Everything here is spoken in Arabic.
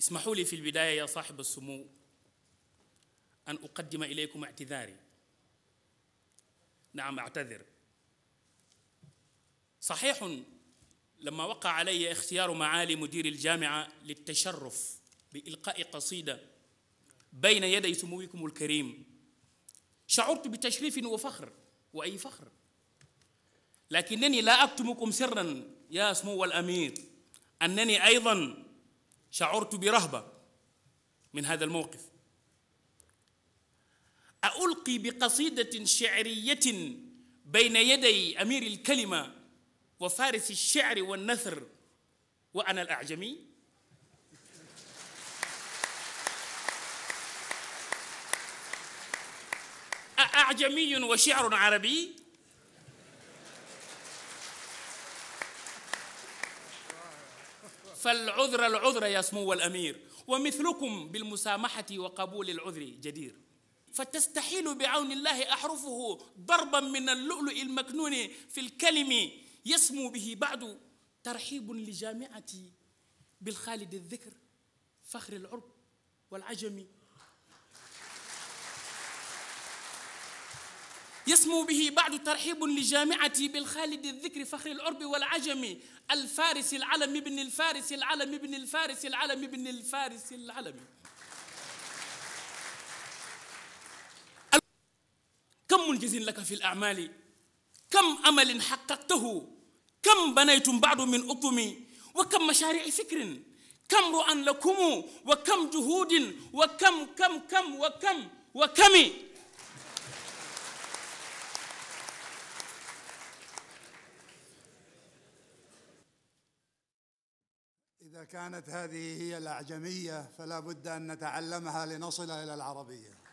اسمحوا لي في البداية يا صاحب السمو أن أقدم إليكم اعتذاري نعم أعتذر صحيح لما وقع علي اختيار معالي مدير الجامعة للتشرف بإلقاء قصيدة بين يدي سموكم الكريم شعرت بتشريف وفخر وأي فخر لكنني لا أكتمكم سرا يا سمو الأمير أنني أيضا شعرت برهبه من هذا الموقف ألقي بقصيدة شعرية بين يدي أمير الكلمة وفارس الشعر والنثر وأنا الأعجمي أعجمي وشعر عربي فالعذر العذر يا سمو الأمير ومثلكم بالمسامحة وقبول العذر جدير فتستحيل بعون الله أحرفه ضربا من اللؤلؤ المكنون في الكلم يسمو به بعد ترحيب لجامعتي بالخالد الذكر فخر العرب والعجم يسمو به بعد ترحيب لجامعتي بالخالد الذكر فخر العرب والعجم الفارس العلم ابن الفارس العلم ابن الفارس العلم ابن الفارس العلم كم منجز لك في الأعمال كم أمل حققته كم بنيتم بعد من أطم وكم مشاريع فكر كم رؤى لكم وكم جهود وكم كم كم وكم وكم, وكم إذا كانت هذه هي الأعجمية فلا بد أن نتعلمها لنصل إلى العربية